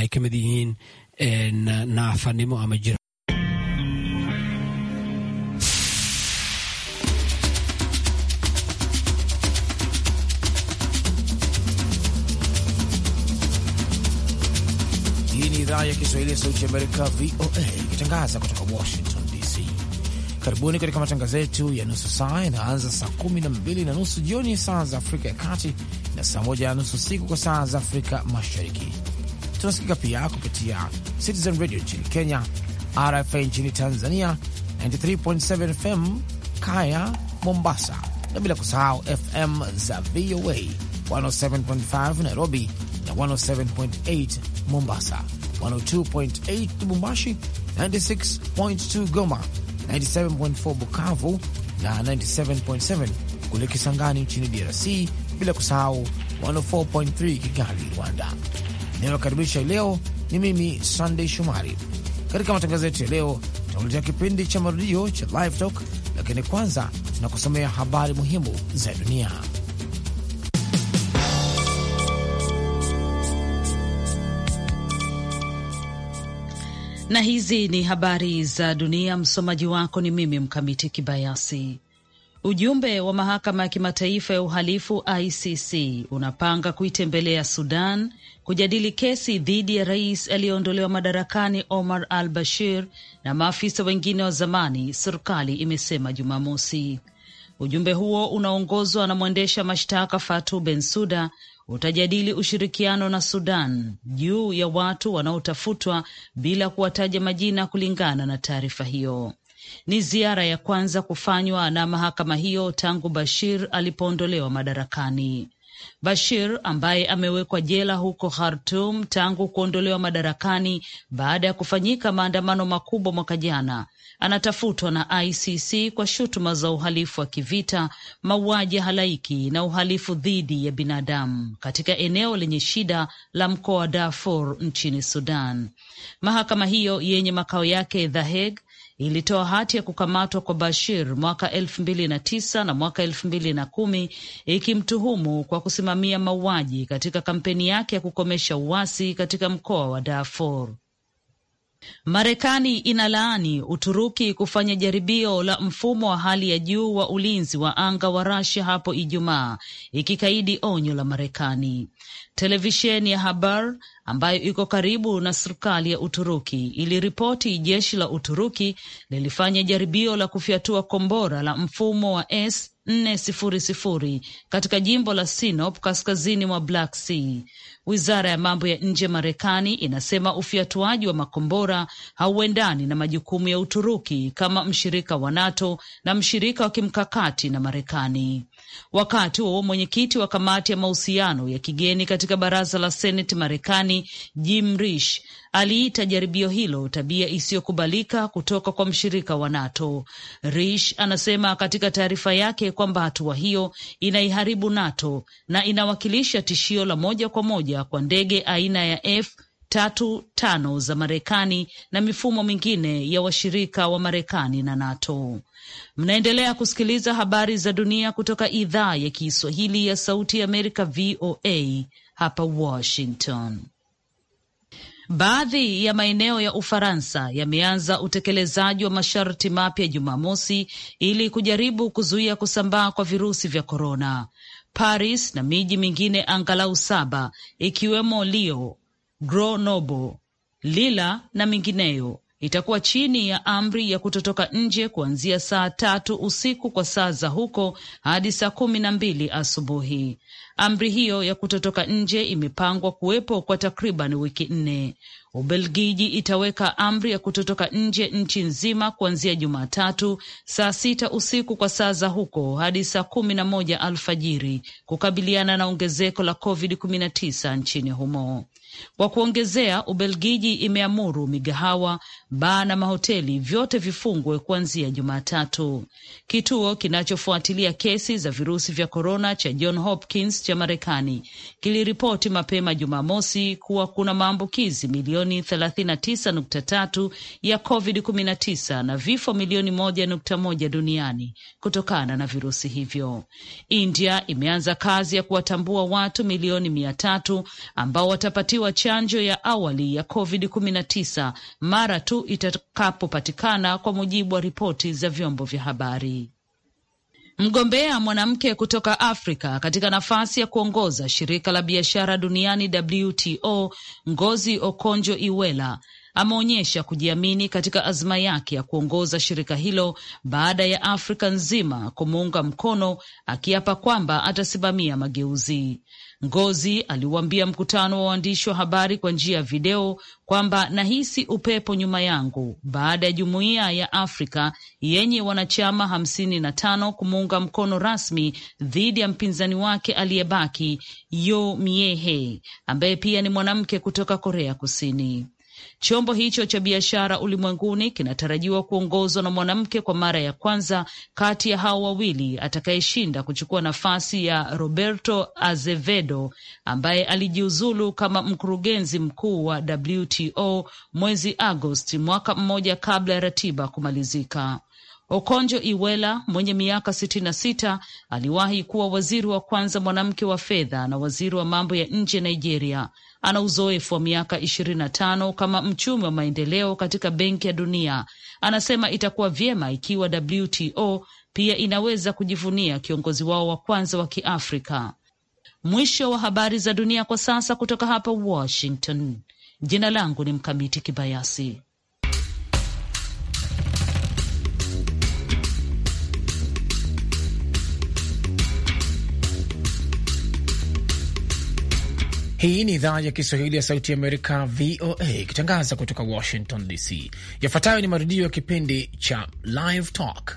ay ka mid yihiin eh, naafanimo ama jir Hii ni idhaa ya Kiswahili ya Sauti Amerika, VOA, ikitangaza kutoka Washington DC. Karibuni katika matangazo yetu ya nusu saa yanaanza saa kumi na mbili na nusu jioni saa za Afrika ya Kati na saa moja na nusu siku kwa saa za Afrika Mashariki Tunasikika pia kupitia Citizen Radio nchini Kenya, RFA nchini Tanzania 93.7 FM Kaya Mombasa, na bila kusahau FM za VOA 107.5 Nairobi na 107.8 Mombasa, 102.8 Lubumbashi, 96.2 Goma, 97.4 Bukavu na 97.7 kule Kisangani nchini DRC, bila kusahau 104.3 Kigali, Rwanda inayokaribisha leo. Ni mimi Sandey Shomari. Katika matangazo yetu ya leo, tunakuletea kipindi cha marudio cha Live Talk, lakini kwanza tunakusomea habari muhimu za dunia. Na hizi ni habari za dunia. Msomaji wako ni mimi Mkamiti Kibayasi. Ujumbe wa mahakama ya kimataifa ya uhalifu ICC unapanga kuitembelea Sudan kujadili kesi dhidi ya rais aliyeondolewa madarakani Omar al Bashir na maafisa wengine wa zamani, serikali imesema Jumamosi. Ujumbe huo unaongozwa na mwendesha mashtaka Fatu Bensuda utajadili ushirikiano na Sudan juu ya watu wanaotafutwa bila kuwataja majina, kulingana na taarifa hiyo. Ni ziara ya kwanza kufanywa na mahakama hiyo tangu Bashir alipoondolewa madarakani. Bashir ambaye amewekwa jela huko khartum tangu kuondolewa madarakani baada ya kufanyika maandamano makubwa mwaka jana, anatafutwa na ICC kwa shutuma za uhalifu wa kivita, mauaji ya halaiki na uhalifu dhidi ya binadamu katika eneo lenye shida la mkoa wa Darfur nchini Sudan. Mahakama hiyo yenye makao yake The Hague ilitoa hati ya kukamatwa kwa Bashir mwaka elfu mbili na tisa na mwaka elfu mbili na kumi ikimtuhumu kwa kusimamia mauaji katika kampeni yake ya kukomesha uasi katika mkoa wa Darfur. Marekani inalaani Uturuki kufanya jaribio la mfumo wa hali ya juu wa ulinzi wa anga wa Rasia hapo Ijumaa, ikikaidi onyo la Marekani. Televisheni ya Habar ambayo iko karibu na serikali ya Uturuki iliripoti jeshi la Uturuki lilifanya jaribio la kufyatua kombora la mfumo wa s 400 katika jimbo la Sinop kaskazini mwa Black Sea. Wizara ya mambo ya nje Marekani inasema ufyatuaji wa makombora hauendani na majukumu ya Uturuki kama mshirika wa NATO na mshirika wa kimkakati na Marekani. Wakati wa mwenyekiti wa kamati ya mahusiano ya kigeni katika baraza la seneti Marekani, Jim Risch aliita jaribio hilo tabia isiyokubalika kutoka kwa mshirika wa NATO. Risch anasema katika taarifa yake kwamba hatua hiyo inaiharibu NATO na inawakilisha tishio la moja kwa moja kwa ndege aina ya F tatu tano za Marekani na mifumo mingine ya washirika wa Marekani na NATO. Mnaendelea kusikiliza habari za dunia kutoka idhaa ya Kiswahili ya Sauti ya Amerika, VOA hapa Washington. Baadhi ya maeneo ya Ufaransa yameanza utekelezaji wa masharti mapya Jumamosi ili kujaribu kuzuia kusambaa kwa virusi vya korona. Paris na miji mingine angalau saba ikiwemo Lyon Grenoble, Lila na mingineyo itakuwa chini ya amri ya kutotoka nje kuanzia saa tatu usiku kwa saa za huko hadi saa kumi na mbili asubuhi. Amri hiyo ya kutotoka nje imepangwa kuwepo kwa takriban wiki nne. Ubelgiji itaweka amri ya kutotoka nje nchi nzima kuanzia Jumatatu saa sita usiku kwa saa za huko hadi saa kumi na moja alfajiri kukabiliana na ongezeko la COVID-19 nchini humo. Kwa kuongezea, Ubelgiji imeamuru migahawa, baa na mahoteli vyote vifungwe kuanzia Jumatatu. Kituo kinachofuatilia kesi za virusi vya korona cha John Hopkins cha Marekani kiliripoti mapema Jumamosi kuwa kuna maambukizi milioni 39.3 ya COVID-19 na vifo milioni 1.1 duniani kutokana na virusi hivyo. India imeanza kazi ya kuwatambua watu milioni mia tatu ambao watapatiwa wa chanjo ya awali ya COVID-19 mara tu itakapopatikana, kwa mujibu wa ripoti za vyombo vya habari. Mgombea mwanamke kutoka Afrika katika nafasi ya kuongoza shirika la biashara duniani WTO, Ngozi Okonjo-Iweala ameonyesha kujiamini katika azma yake ya kuongoza shirika hilo baada ya Afrika nzima kumuunga mkono, akiapa kwamba atasimamia mageuzi. Ngozi aliuambia mkutano wa waandishi wa habari kwa njia ya video kwamba nahisi upepo nyuma yangu baada ya jumuiya ya Afrika yenye wanachama hamsini na tano kumuunga mkono rasmi dhidi ya mpinzani wake aliyebaki Yo Miehe ambaye pia ni mwanamke kutoka Korea Kusini. Chombo hicho cha biashara ulimwenguni kinatarajiwa kuongozwa na mwanamke kwa mara ya kwanza kati ya hao wawili, atakayeshinda kuchukua nafasi ya Roberto Azevedo ambaye alijiuzulu kama mkurugenzi mkuu wa WTO mwezi Agosti, mwaka mmoja kabla ya ratiba kumalizika. Okonjo Iweala mwenye miaka 66 aliwahi kuwa waziri wa kwanza mwanamke wa fedha na waziri wa mambo ya nje Nigeria, ana uzoefu wa miaka ishirini na tano kama mchumi wa maendeleo katika Benki ya Dunia. Anasema itakuwa vyema ikiwa WTO pia inaweza kujivunia kiongozi wao wa kwanza wa Kiafrika. Mwisho wa habari za dunia kwa sasa kutoka hapa Washington. Jina langu ni Mkamiti Kibayasi. Hii ni idhaa ya Kiswahili ya Sauti Amerika, VOA, ikitangaza kutoka Washington DC. Yafuatayo ni marudio ya kipindi cha Live Talk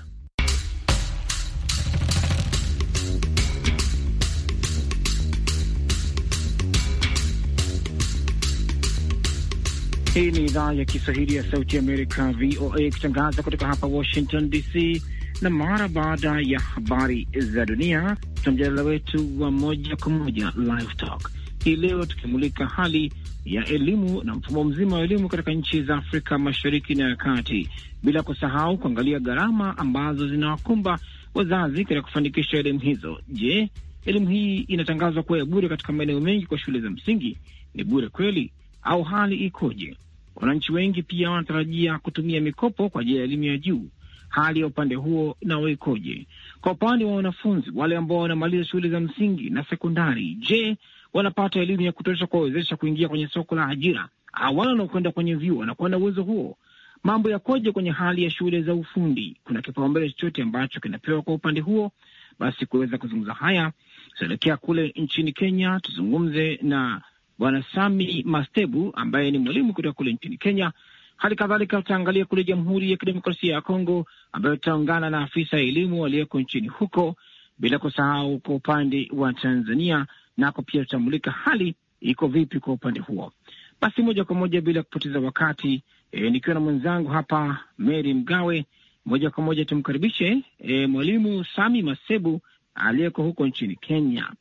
Hii ni idhaa ya Kiswahili ya sauti Amerika, VOA, ikitangaza kutoka hapa Washington DC. Na mara baada ya habari za dunia, tuna mjadala wetu wa moja kwa moja Live Talk hii leo tukimulika hali ya elimu na mfumo mzima wa elimu katika nchi za Afrika Mashariki na ya Kati, bila kusahau kuangalia gharama ambazo zinawakumba wazazi katika kufanikisha elimu hizo. Je, elimu hii inatangazwa kuwa ya bure katika maeneo mengi kwa shule za msingi? Ni bure kweli au hali ikoje? Wananchi wengi pia wanatarajia kutumia mikopo kwa ajili ya elimu ya juu. Hali ya upande huo nao ikoje? Kwa upande wa wanafunzi wale ambao wanamaliza shule za msingi na sekondari, je, wanapata elimu ya kutosha kuwawezesha kuingia kwenye soko la ajira, awana wanaokwenda kwenye vyuo wanakuwa na uwezo huo. Mambo yakoje kwenye hali ya shule za ufundi? Kuna kipaumbele chochote ambacho kinapewa kwa upande huo? Basi kuweza kuzungumza haya, tuelekea kule nchini Kenya, tuzungumze na Bwana Sami Mastebu ambaye ni mwalimu kutoka kule nchini Kenya. Hali kadhalika tutaangalia kule Jamhuri ya Kidemokrasia ya Kongo, ambayo tutaungana na afisa elimu aliyeko nchini huko, bila kusahau kwa upande wa Tanzania nako pia tutamulika hali iko vipi kwa upande huo. Basi moja kwa moja bila kupoteza wakati e, nikiwa na mwenzangu hapa Mary Mgawe, moja kwa moja tumkaribishe e, mwalimu Sami Masebu aliyeko huko nchini Kenya.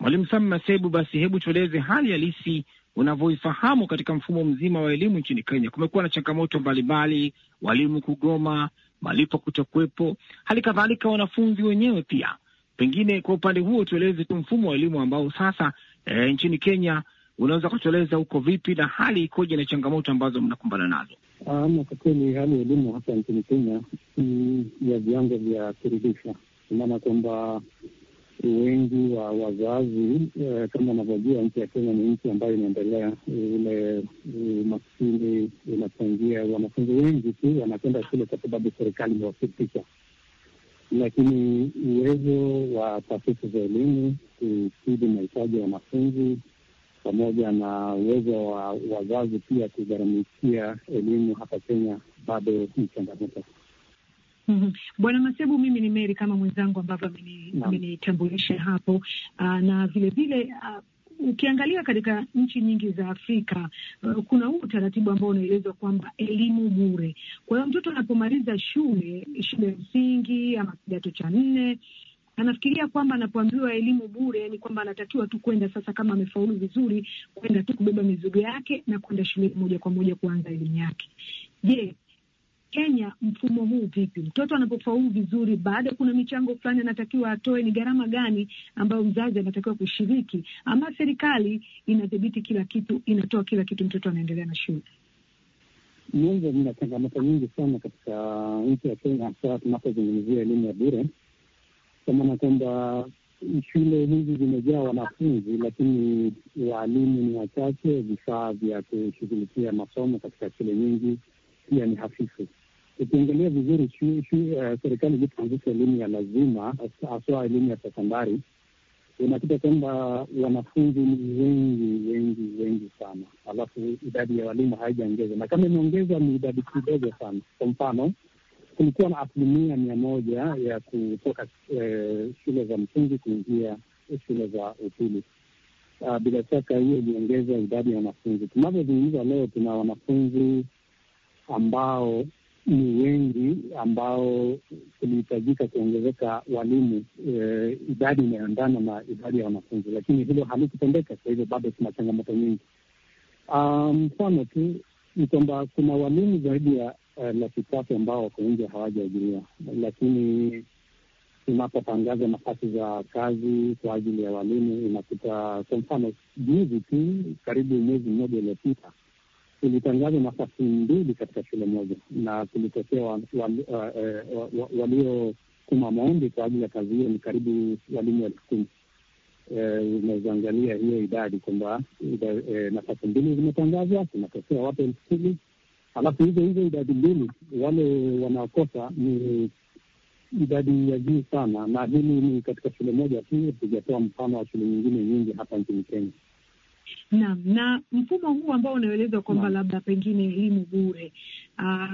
Mwalimu Sami Masebu, basi hebu tueleze hali halisi unavyoifahamu katika mfumo mzima wa elimu nchini Kenya. Kumekuwa na changamoto mbalimbali, walimu kugoma, malipo kutokuwepo, hali kadhalika wanafunzi wenyewe pia Pengine kwa upande huo tueleze tu mfumo wa elimu ambao sasa e, nchini Kenya unaweza kutueleza uko vipi na hali ikoje na changamoto ambazo mnakumbana nazo? Ah, ama kwa kweli hali ya elimu hapa nchini Kenya si ya viwango vya kuridhisha, kwa maana kwamba wengi wa wazazi eh, kama unavyojua nchi ya Kenya ni nchi ambayo inaendelea. Ule eh, umaskini eh, unachangia, wanafunzi wengi tu wanakwenda shule kwa sababu serikali imewafikisha lakini uwezo wa taasisi za elimu kukidhi mahitaji ya wanafunzi pamoja na uwezo wa wazazi pia kugharamikia elimu hapa Kenya bado ni changamoto. Mm -hmm. Bwana Masebu, mimi ni Meri kama mwenzangu ambavyo amenitambulisha hapo, uh, na vilevile uh, ah, ukiangalia katika nchi nyingi za Afrika uh, kuna huu utaratibu ambao unaelezwa kwamba elimu bure. Kwa hiyo mtoto anapomaliza shule shule ya msingi ama kidato cha nne anafikiria kwamba anapoambiwa elimu bure ni kwamba anatakiwa tu kwenda sasa, kama amefaulu vizuri, kwenda tu kubeba mizigo yake na kwenda shuleni moja kwa moja kuanza elimu yake. Je, Kenya mfumo huu vipi? Mtoto anapofaulu vizuri, baada kuna michango fulani anatakiwa atoe, ni gharama gani ambayo mzazi anatakiwa kushiriki, ama serikali inadhibiti kila kitu, inatoa kila kitu, mtoto anaendelea na shule? Mwanzo, mna changamoto nyingi sana katika nchi ya Kenya, hasa tunapozungumzia elimu ya bure, kwa maana kwamba shule hizi zimejaa wanafunzi, lakini waalimu ni wachache, vifaa vya kushughulikia masomo katika shule nyingi pia ni hafifu. Ukiangalia vizuri uh, serikali ilipoanzisha elimu ya lazima haswa elimu ya sekondari, unakuta kwamba wanafunzi ni wengi wengi wengi sana, alafu idadi ya walimu haijaongeza, na kama imeongeza ni idadi kidogo sana. Kwa mfano, kulikuwa na asilimia mia moja ya kutoka eh, shule za msingi kuingia shule za upili. Uh, bila shaka hiyo iliongeza idadi ya wanafunzi. Tunavyozungumza leo, tuna wanafunzi ambao ni wengi ambao kulihitajika kuongezeka walimu e, idadi inayoendana na idadi ya wanafunzi, lakini hilo halikutendeka. Kwa hivyo bado kuna changamoto nyingi. Ah, mfano um, tu ni kwamba kuna walimu zaidi ya uh, laki tatu ambao wako nje hawajaajiriwa, lakini tunapotangaza nafasi za kazi kwa ajili ya walimu inakuta, kwa mfano juzi tu, karibu mwezi mmoja uliopita tulitangazwa nafasi mbili katika shule moja, na kulitokea waliotuma maombi kwa ajili ya kazi hiyo ni karibu walimu elfu kumi. E, Unazoangalia hiyo idadi kwamba e, nafasi mbili zimetangazwa, kunatokea watu elfu kumi alafu hizo hizo idadi mbili wale wanaokosa ni idadi ya juu sana, na hili ni katika shule moja tu, tujatoa mfano wa shule nyingine nyingi hapa nchini Kenya. Naam, na mfumo huu ambao unaelezwa kwamba labda pengine elimu bure,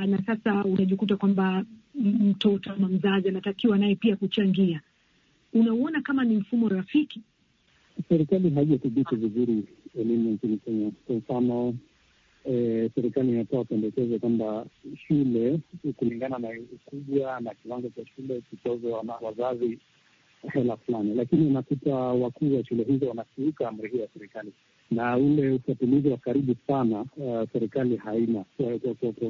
na sasa unajikuta kwamba mtoto ama mzazi anatakiwa naye pia kuchangia, unauona kama ni mfumo rafiki? Serikali haijadhibiti vizuri elimu nchini Kenya. Kwa mfano, e, serikali inatoa pendekezo kwamba shule kulingana na ukubwa na kiwango cha shule, kitozo wazazi hela fulani, lakini unakuta wakuu wa shule hizo wanakiuka amri hiyo ya serikali na ule ufuatilizi wa karibu sana uh, serikali haina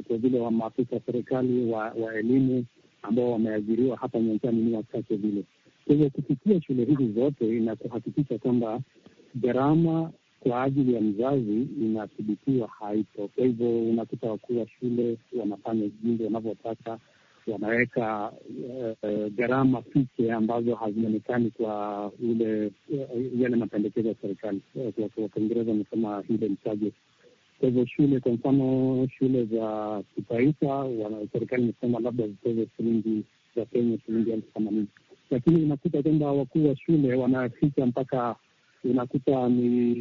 kwa vile wa maafisa serikali wa, wa elimu ambao wameajiriwa hapa nyanjani ni wachache vile. Kwa hivyo shule hizi zote ina kuhakikisha kwamba gharama kwa ajili ya mzazi inathibitiwa haipo. Kwa hivyo unakuta wakuu wa shule wanafanya jinsi wanavyotaka wanaweka uh, gharama ambazo hazionekani kwa ule uh, yale mapendekezo ya serikali. Eh, kwa Kiingereza wamesema hidden charges. Kwa hivyo shule, kwa mfano shule za kitaifa, serikali imesema labda zitoze shilingi za Kenya shilingi elfu themanini, lakini unakuta kwamba wakuu wa shule wanaficha mpaka unakuta ni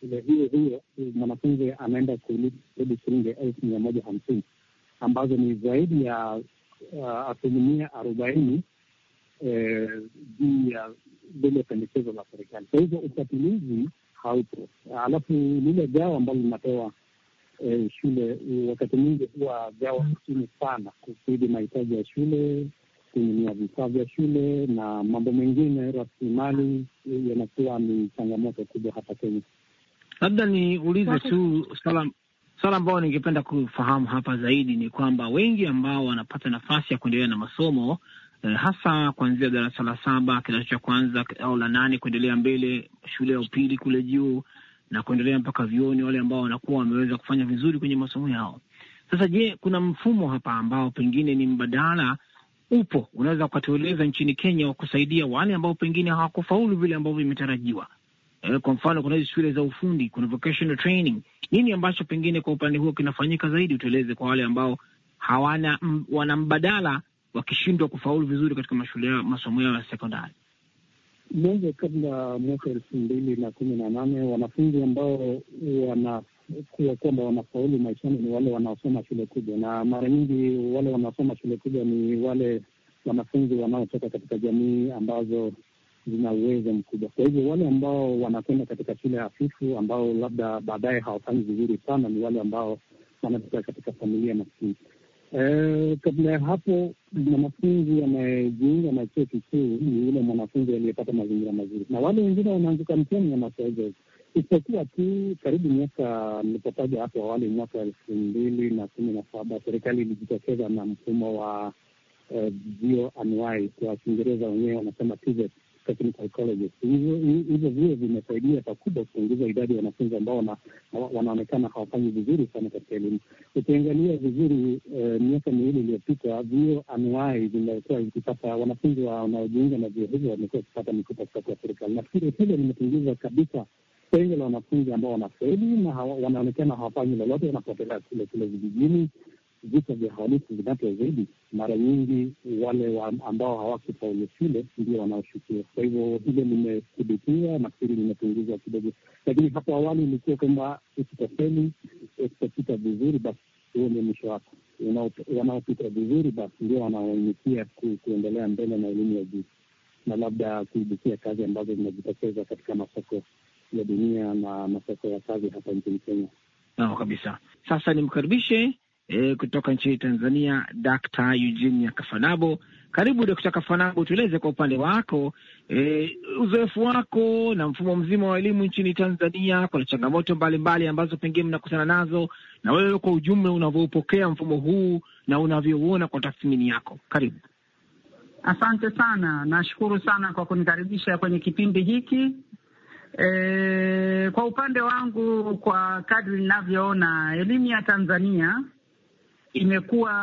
shule hiyo hiyo mwanafunzi anaenda kurudi shilingi elfu mia moja hamsini ambazo ni zaidi ya Uh, asilimia arobaini eh, juu ya lile pendekezo la serikali. Kwa hivyo ufatilizi haupo. Alafu lile gao ambalo linapewa eh, shule wakati mwingi huwa gawa chini sana kuzidi mahitaji ya shule, kununua vifaa vya shule na mambo mengine, rasilimali yanakuwa ni changamoto kubwa hapa Kenya. Labda niulize tu salam Swala ambayo ningependa kufahamu hapa zaidi ni kwamba wengi ambao wanapata nafasi ya kuendelea na masomo eh, hasa kuanzia darasa la saba kidato cha kwanza au la nane kuendelea mbele shule ya upili kule juu na kuendelea mpaka vioni wale ambao wanakuwa wameweza kufanya vizuri kwenye masomo yao. Sasa je, kuna mfumo hapa ambao pengine ni mbadala upo, unaweza ukatueleza nchini Kenya wa kusaidia wale ambao pengine hawakufaulu vile ambavyo imetarajiwa? Eh, kwa mfano kuna hizi shule za ufundi, kuna vocational training nini ambacho pengine kwa upande huo kinafanyika zaidi, utueleze kwa wale ambao hawana wana mbadala wakishindwa kufaulu vizuri katika mashule yao masomo yao ya sekondari. Mwanzo kabla mwaka elfu mbili na kumi na nane wanafunzi ambao wanakuwa kwamba wanafaulu maishani ni wale wanaosoma shule kubwa, na mara nyingi wale wanaosoma shule kubwa ni wale wanafunzi wanaotoka katika jamii ambazo zina uwezo mkubwa. Kwa hivyo wale ambao wanakwenda katika shule hafifu, ambao labda baadaye hawafanyi vizuri sana, ni wale ambao wanatoka katika familia maskini. E, kabla ya hapo mwanafunzi anayejiunga na chuo kikuu ni yule mwanafunzi aliyepata mazingira mazuri, na wale wengine wanaanguka mtihani masoezo, isipokuwa tu karibu miaka nilipotaja hapo awali, mwaka elfu mbili na kumi na saba serikali ilijitokeza na mfumo wa eh, vio uh, anuai kwa Kiingereza wenyewe wanasema TVET technical colleges. Hivyo vio vimesaidia pakubwa kupunguza idadi ya wanafunzi ambao wanaonekana hawafanyi vizuri sana katika elimu. Ukiangalia vizuri, eh, miaka miwili iliyopita, vio anuai vimekuwa vikipata wanafunzi wanaojiunga na vio hivyo wamekuwa wakipata mikopo kutoka serikali. Nafikiri hilo limepunguza kabisa pengo la wanafunzi ambao wanafeli na wanaonekana hawafanyi lolote, wanapotelea kule kule vijijini vita vya uhalifu vinavyo zaidi, mara nyingi wale wa ambao hawakufaulu shule ndio wanaoshukiwa. Kwa hivyo hilo limekudukia, nafikiri limepunguzwa kidogo, lakini hapo awali ilikuwa kwamba ukitafeli ukitapita vizuri, basi huo ni mwisho wako. Wanaopita vizuri, basi ndio wanaoinikia kuendelea mbele na elimu ya juu na labda kuibukia kazi ambazo zinajitokeza katika masoko ya dunia na masoko ya kazi hapa nchini Kenya. Nao kabisa. Sasa nimkaribishe e, kutoka nchini Tanzania, Dkt. Eugenia Kafanabo. Karibu Dkt. Kafanabo, tueleze kwa upande wako e, uzoefu wako na mfumo mzima wa elimu nchini Tanzania. Kuna changamoto mbalimbali mbali ambazo pengine mnakutana nazo, na wewe kwa ujumla unavyopokea mfumo huu na unavyouona kwa tathmini yako. Karibu. Asante sana, nashukuru sana kwa kunikaribisha kwenye kipindi hiki. E, kwa upande wangu, kwa kadri ninavyoona elimu ya Tanzania imekuwa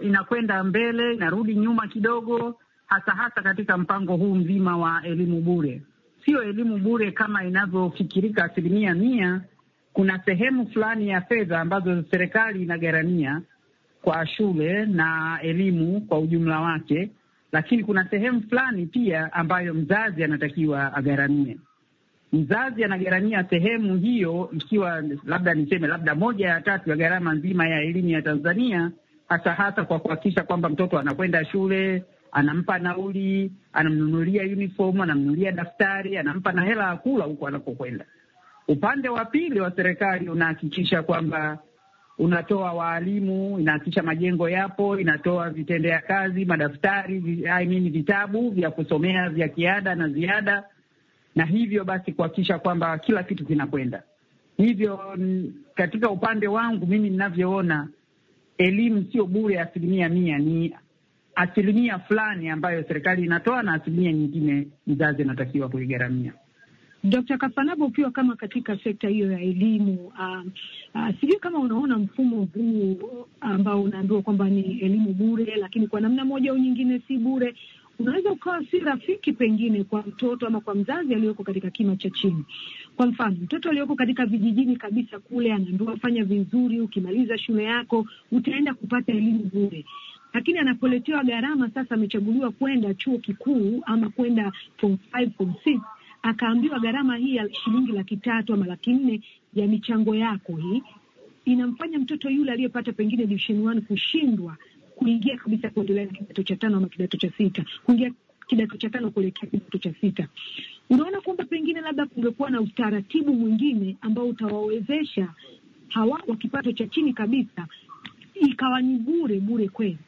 inakwenda mbele, inarudi nyuma kidogo, hasa hasa katika mpango huu mzima wa elimu bure. Sio elimu bure kama inavyofikirika asilimia mia. Kuna sehemu fulani ya fedha ambazo serikali inagharamia kwa shule na elimu kwa ujumla wake, lakini kuna sehemu fulani pia ambayo mzazi anatakiwa agharamie mzazi anagharamia sehemu hiyo, ikiwa labda niseme labda moja ya tatu ya gharama nzima ya elimu ya Tanzania, hasa hasa kwa kuhakikisha kwamba mtoto anakwenda shule, anampa nauli, anamnunulia uniform, anamnunulia daftari, anampa na hela ya kula huko anapokwenda. Upande wa pili wa serikali unahakikisha kwamba unatoa waalimu, inahakikisha majengo yapo, inatoa vitendea kazi, madaftari, I mean vitabu vya kusomea vya kiada na ziada na hivyo basi kuhakikisha kwamba kila kitu kinakwenda hivyo. Mm, katika upande wangu mimi ninavyoona, elimu sio bure asilimia mia, ni asilimia fulani ambayo serikali inatoa na asilimia nyingine mzazi anatakiwa kuigharamia. d Kafanabo, ukiwa kama katika sekta hiyo ya elimu, uh, uh, sijui kama unaona mfumo huu ah, ambao unaambiwa kwamba ni elimu bure, lakini kwa namna moja au nyingine si bure, unaweza ukawa si rafiki pengine kwa mtoto ama kwa mzazi aliyoko katika kima cha chini. Kwa mfano, mtoto aliyoko katika vijijini kabisa kule anaambiwa fanya vizuri, ukimaliza shule yako utaenda kupata elimu bure lakini anapoletewa gharama sasa, amechaguliwa kwenda chuo kikuu ama kwenda form five, form six, akaambiwa gharama hii ya shilingi laki tatu ama laki nne ya michango yako hii, inamfanya mtoto yule aliyepata pengine division one kushindwa kuingia kabisa kuendelea na kidato cha tano ama kidato cha sita, kuingia kidato cha tano kuelekea kidato cha sita. Unaona kwamba pengine labda kungekuwa na utaratibu mwingine ambao utawawezesha hawa wa kipato cha chini kabisa, ikawa ni bure bure kweli.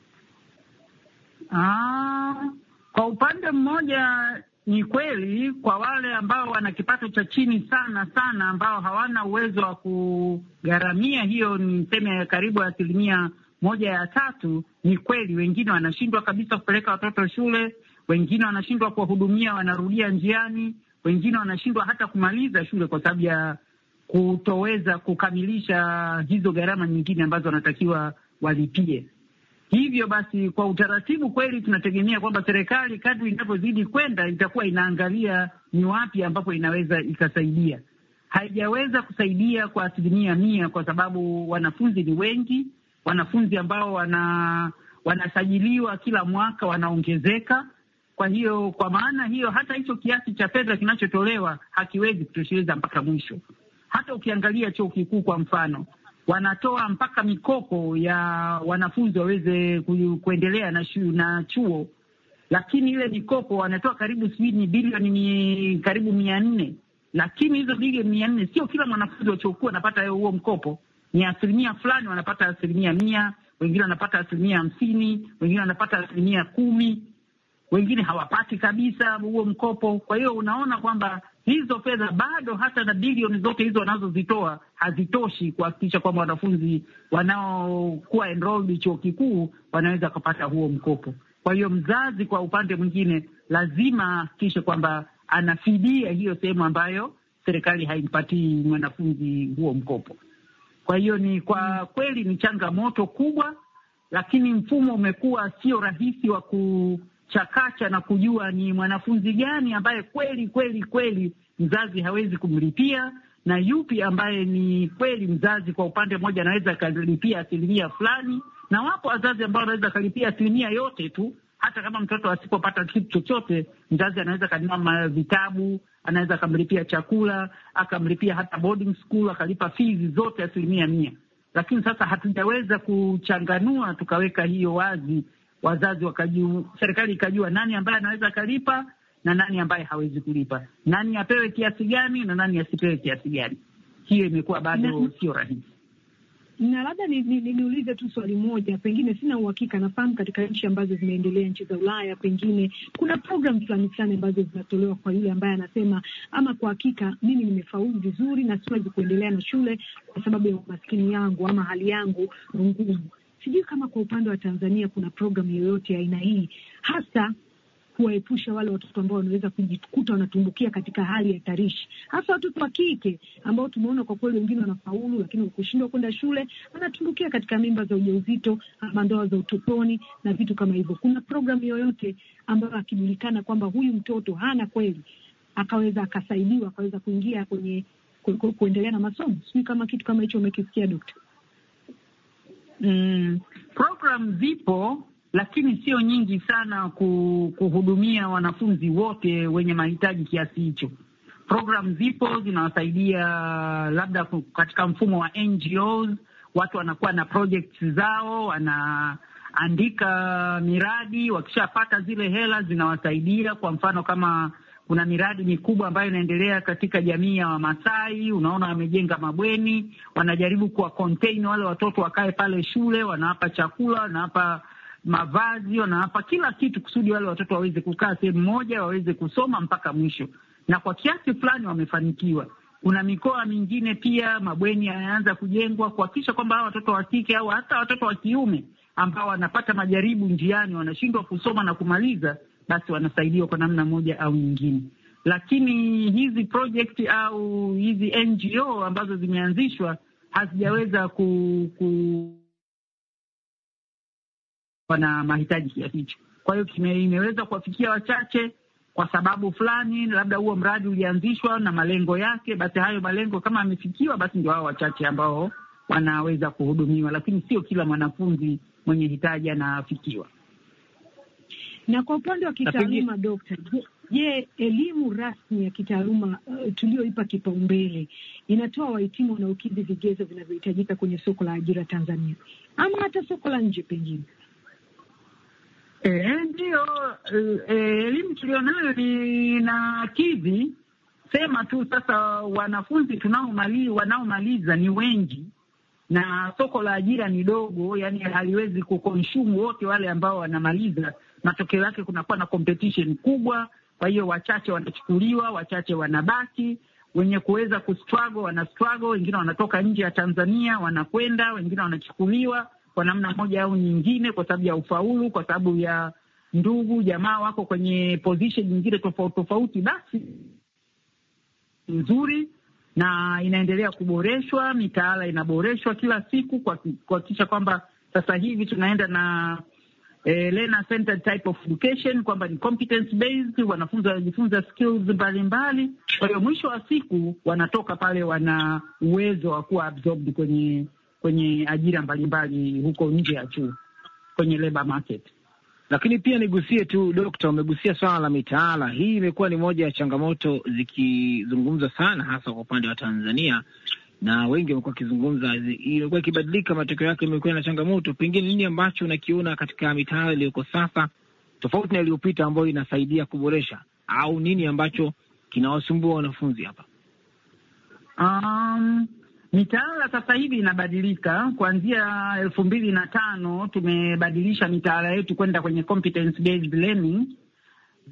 Ah, kwa upande mmoja ni kweli kwa wale ambao wana kipato cha chini sana sana, ambao hawana uwezo wa kugharamia hiyo, ni seme karibu asilimia moja ya tatu ni kweli, wengine wanashindwa kabisa kupeleka watoto shule, wengine wanashindwa kuwahudumia, wanarudia njiani, wengine wanashindwa hata kumaliza shule kwa sababu ya kutoweza kukamilisha hizo gharama nyingine ambazo wanatakiwa walipie. Hivyo basi, kwa utaratibu kweli, tunategemea kwamba serikali kadri inavyozidi kwenda itakuwa inaangalia ni wapi ambapo inaweza ikasaidia. Haijaweza kusaidia kwa asilimia mia kwa sababu wanafunzi ni wengi wanafunzi ambao wana wanasajiliwa kila mwaka wanaongezeka. Kwa hiyo kwa maana hiyo, hata hicho kiasi cha fedha kinachotolewa hakiwezi kutosheleza mpaka mwisho. Hata ukiangalia chuo kikuu kwa mfano, wanatoa mpaka mikopo ya wanafunzi waweze kuendelea na, shu, na chuo, lakini ile mikopo wanatoa karibu sijui ni bilioni karibu mia nne, lakini hizo bilioni mia nne sio kila mwanafunzi wa chuo kikuu anapata huo mkopo ni asilimia fulani wanapata asilimia mia, wengine wanapata asilimia hamsini, wengine wanapata asilimia kumi, wengine hawapati kabisa huo mkopo. Kwa hiyo unaona kwamba hizo fedha bado hata na bilioni zote hizo wanazozitoa hazitoshi kuhakikisha kwamba wanafunzi wanaokuwa enrolled chuo kikuu wanaweza kupata huo mkopo. Kwa hiyo mzazi kwa upande mwingine lazima ahakikishe kwamba anafidia hiyo sehemu ambayo serikali haimpatii mwanafunzi huo mkopo. Kwa hiyo ni kwa kweli ni changamoto kubwa, lakini mfumo umekuwa sio rahisi wa kuchakacha na kujua ni mwanafunzi gani ambaye kweli kweli kweli mzazi hawezi kumlipia na yupi ambaye ni kweli mzazi kwa upande mmoja anaweza akalipia asilimia fulani, na wapo wazazi ambao wanaweza akalipia asilimia yote tu. Hata kama mtoto asipopata kitu chochote, mzazi anaweza akanunua vitabu, anaweza akamlipia chakula, akamlipia hata boarding school, akalipa fizi zote asilimia mia. Lakini sasa hatujaweza kuchanganua tukaweka hiyo wazi, wazazi wakajua, serikali ikajua nani ambaye anaweza akalipa na nani ambaye hawezi kulipa, nani apewe kiasi gani na nani asipewe kiasi gani. Hiyo imekuwa bado sio rahisi na labda niulize ni, ni tu swali moja, pengine sina uhakika. Nafahamu katika nchi ambazo zimeendelea, nchi za Ulaya, pengine kuna programu fulani fulani ambazo zinatolewa kwa yule ambaye anasema ama, kwa hakika mimi nimefaulu vizuri na siwezi kuendelea na shule kwa sababu ya umaskini yangu ama hali yangu ngumu. Sijui kama kwa upande wa Tanzania kuna programu yoyote ya aina hii hasa kuwaepusha wale watoto ambao wanaweza kujikuta wanatumbukia katika hali ya tarishi hasa watoto wa kike ambao tumeona kwa kweli wengine wanafaulu, lakini kushindwa kwenda shule anatumbukia katika mimba za ujauzito ama ndoa za utotoni na vitu kama hivyo. Kuna programu yoyote ambayo akijulikana kwamba huyu mtoto hana kweli, akaweza akasaidiwa, akaweza kuingia kwenye kuendelea na masomo? Sijui kama kitu kama hicho umekisikia, Dokta? Mm, program zipo lakini sio nyingi sana kuhudumia wanafunzi wote wenye mahitaji kiasi hicho. Programu zipo zinawasaidia, labda katika mfumo wa NGOs, watu wanakuwa na projects zao, wanaandika miradi, wakishapata zile hela zinawasaidia. Kwa mfano kama kuna miradi mikubwa ambayo inaendelea katika jamii ya Wamasai, unaona wamejenga mabweni, wanajaribu kuwa contain wale watoto wakae pale shule, wanawapa chakula, wanawapa mavazi, wanawapa kila kitu kusudi wale watoto waweze kukaa sehemu moja, waweze kusoma mpaka mwisho, na kwa kiasi fulani wamefanikiwa. Kuna mikoa mingine pia mabweni yanaanza kujengwa kuhakikisha kwamba hawa watoto wa kike au hata watoto wa kiume ambao wanapata majaribu njiani, wanashindwa kusoma na kumaliza, basi wanasaidiwa kwa namna moja au nyingine. Lakini hizi project au hizi NGO ambazo zimeanzishwa hazijaweza ku, ku wana mahitaji kiasi hicho. Kwa hiyo imeweza kuwafikia wachache kwa sababu fulani, labda huo mradi ulianzishwa na malengo yake, basi hayo malengo kama amefikiwa, basi ndio hao wachache ambao wanaweza kuhudumiwa, lakini sio kila mwanafunzi mwenye hitaji anafikiwa. Na kwa upande wa kitaaluma, Dokta, je, elimu rasmi ya kitaaluma uh, tulioipa kipaumbele inatoa wahitimu wanaokidhi vigezo vinavyohitajika kwenye soko la ajira Tanzania ama hata soko la nje pengine? Eh, Ndiyo, eh, eh, elimu nayo ni na kidhi sema tu sasa, wanafunzi tunaomali wanaomaliza ni wengi na soko la ajira ni dogo, yani haliwezi kukonsumu wote wale ambao wanamaliza. Matokeo yake kunakuwa na competition kubwa, kwa hiyo wachache wanachukuliwa, wachache wanabaki. Wenye kuweza kustruggle wana struggle, wengine wanatoka nje ya Tanzania wanakwenda, wengine wanachukuliwa kwa namna moja au nyingine, kwa sababu ya ufaulu, kwa sababu ya ndugu jamaa wako kwenye position nyingine tofauti tofauti, basi nzuri na inaendelea kuboreshwa, mitaala inaboreshwa kila siku kuhakikisha kwamba sasa hivi tunaenda na eh, learner centered type of education kwamba ni competence based, wanafunzi wanajifunza skills mbalimbali. Kwa hiyo mwisho wa siku wanatoka pale wana uwezo wa kuwa absorbed kwenye kwenye ajira mbalimbali huko nje ya chuo kwenye labor market. Lakini pia nigusie tu, Dokta, umegusia swala la mitaala. Hii imekuwa ni moja ya changamoto zikizungumzwa sana, hasa kwa upande wa Tanzania, na wengi wamekuwa wakizungumza. Imekuwa ikibadilika, matokeo yake imekuwa na changamoto. Pengine nini ambacho unakiona katika mitaala iliyoko sasa tofauti na iliyopita, ambayo inasaidia kuboresha, au nini ambacho kinawasumbua wanafunzi hapa? um... Mitaala sasa hivi inabadilika. Kuanzia elfu mbili na tano tumebadilisha mitaala yetu kwenda kwenye competence based learning,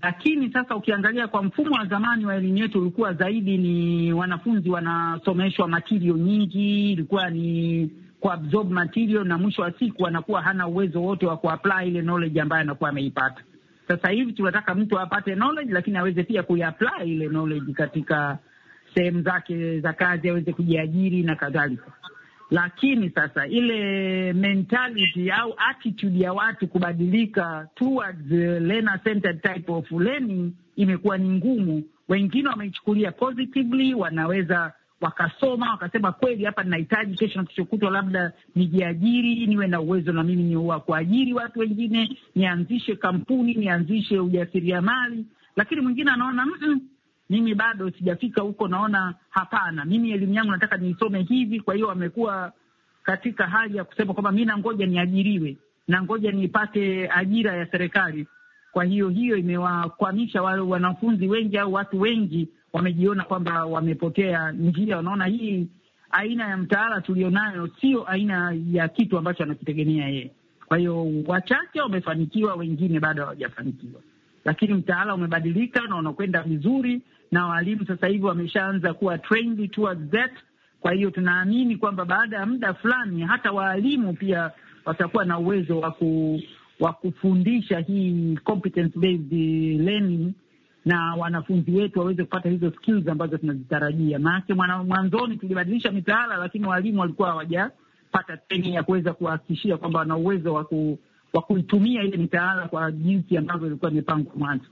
lakini sasa ukiangalia kwa mfumo wa zamani wa elimu yetu ulikuwa zaidi ni wanafunzi wanasomeshwa material nyingi, ilikuwa ni kuabsorb material na mwisho wa siku anakuwa hana uwezo wote wa kuapply ile knowledge ambayo anakuwa ameipata. Sasa hivi tunataka mtu apate knowledge, lakini aweze pia kuiapply ile knowledge katika sehemu zake za kazi, aweze kujiajiri na kadhalika. Lakini sasa ile mentality au attitude ya watu kubadilika towards learner centered type of learning imekuwa ni ngumu. Wengine wameichukulia positively, wanaweza wakasoma wakasema, kweli hapa ninahitaji kesho na kesho kutwa labda nijiajiri, niwe na uwezo na mimi niwa kuajiri watu wengine, nianzishe kampuni, nianzishe ujasiriamali. Lakini mwingine anaona mm -mm, mimi bado sijafika huko, naona hapana, mimi elimu yangu nataka niisome hivi. Kwa hiyo wamekuwa katika hali ya kusema kwamba mi nangoja niajiriwe na ngoja nipate ajira ya serikali. Kwa hiyo hiyo imewakwamisha wale wanafunzi wengi au watu wengi wamejiona kwamba wamepotea njia, wanaona hii aina ya mtaala tulionayo sio aina ya kitu ambacho anakitegemea yeye. Kwa hiyo wachache wamefanikiwa, wengine bado hawajafanikiwa, lakini mtaala umebadilika na unakwenda vizuri, na walimu sasa hivi wameshaanza kuwa trained towards that. Kwa hiyo tunaamini kwamba baada ya muda fulani hata waalimu pia watakuwa na uwezo wa ku wa kufundisha hii competence based learning na wanafunzi wetu waweze kupata hizo skills ambazo tunazitarajia. Maanake mwanzoni tulibadilisha mitaala, lakini walimu walikuwa hawajapata training ya kuweza kuwahakikishia kwamba wana uwezo wa kuitumia ile mitaala kwa jinsi ambavyo ilikuwa imepangwa mwanzo.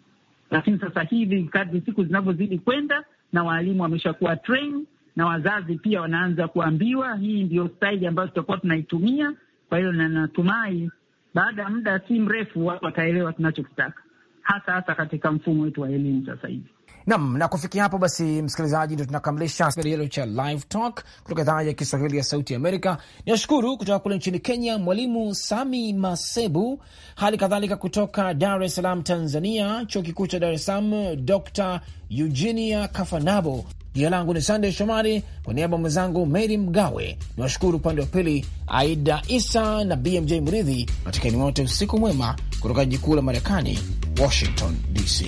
Lakini sasa hivi kadri siku zinavyozidi kwenda, na waalimu wameshakuwa train na wazazi pia wanaanza kuambiwa hii ndio staili ambayo tutakuwa tunaitumia. Kwa hiyo na natumai baada ya muda si mrefu watu wataelewa tunachokitaka, hasa hasa katika mfumo wetu wa elimu sasa hivi. Nam, na kufikia hapo basi, msikilizaji, ndio tunakamilisha kipindi hilo cha Live Talk kutoka idhaa ya Kiswahili ya Sauti Amerika. Niwashukuru kutoka kule nchini Kenya, Mwalimu Sami Masebu, hali kadhalika kutoka Dar es Salaam, Tanzania, Chuo Kikuu cha Dar es Salaam, Dr Eugenia Kafanabo. Jina langu ni Sandey Shomari, kwa niaba ya mwenzangu Mary Mgawe niwashukuru upande wa pili Aida Isa na BMJ Mridhi. Watakieni wote usiku mwema kutoka jikuu la Marekani, Washington DC.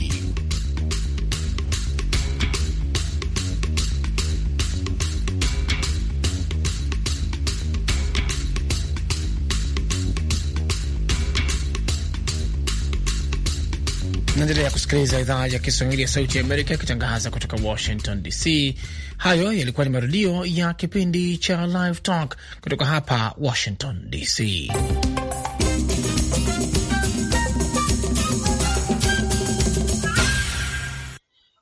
Naendelea kusikiliza idhaa ya Kiswahili ya Sauti ya Amerika ikitangaza kutoka Washington DC. Hayo yalikuwa ni marudio ya kipindi cha Live Talk kutoka hapa Washington DC.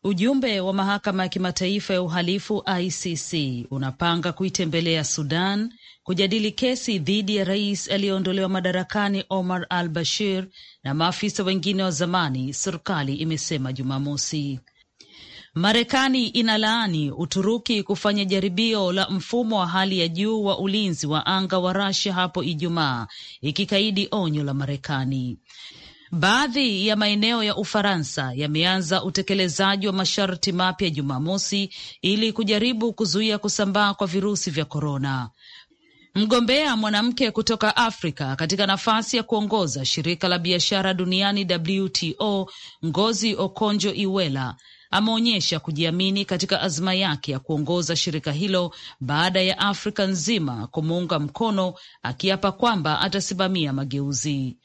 Ujumbe wa mahakama ya kimataifa ya uhalifu ICC unapanga kuitembelea Sudan kujadili kesi dhidi ya rais aliyeondolewa madarakani Omar al Bashir na maafisa wengine wa zamani, serikali imesema Jumamosi. Marekani inalaani Uturuki kufanya jaribio la mfumo wa hali ya juu wa ulinzi wa anga wa rasia hapo Ijumaa, ikikaidi onyo la Marekani. Baadhi ya maeneo ya Ufaransa yameanza utekelezaji wa masharti mapya Jumamosi ili kujaribu kuzuia kusambaa kwa virusi vya korona. Mgombea mwanamke kutoka Afrika katika nafasi ya kuongoza shirika la biashara duniani WTO, Ngozi Okonjo-Iweala ameonyesha kujiamini katika azma yake ya kuongoza shirika hilo baada ya Afrika nzima kumuunga mkono, akiapa kwamba atasimamia mageuzi.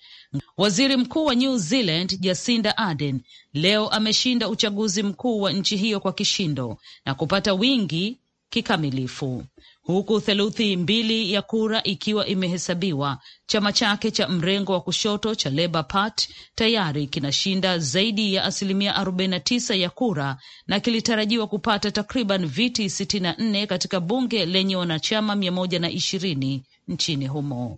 Waziri Mkuu wa New Zealand Jacinda Ardern leo ameshinda uchaguzi mkuu wa nchi hiyo kwa kishindo na kupata wingi kikamilifu huku theluthi mbili ya kura ikiwa imehesabiwa. Chama chake cha mrengo wa kushoto cha Labour Party tayari kinashinda zaidi ya asilimia 49 ya kura na kilitarajiwa kupata takriban viti 64 katika bunge lenye wanachama 120 nchini humo.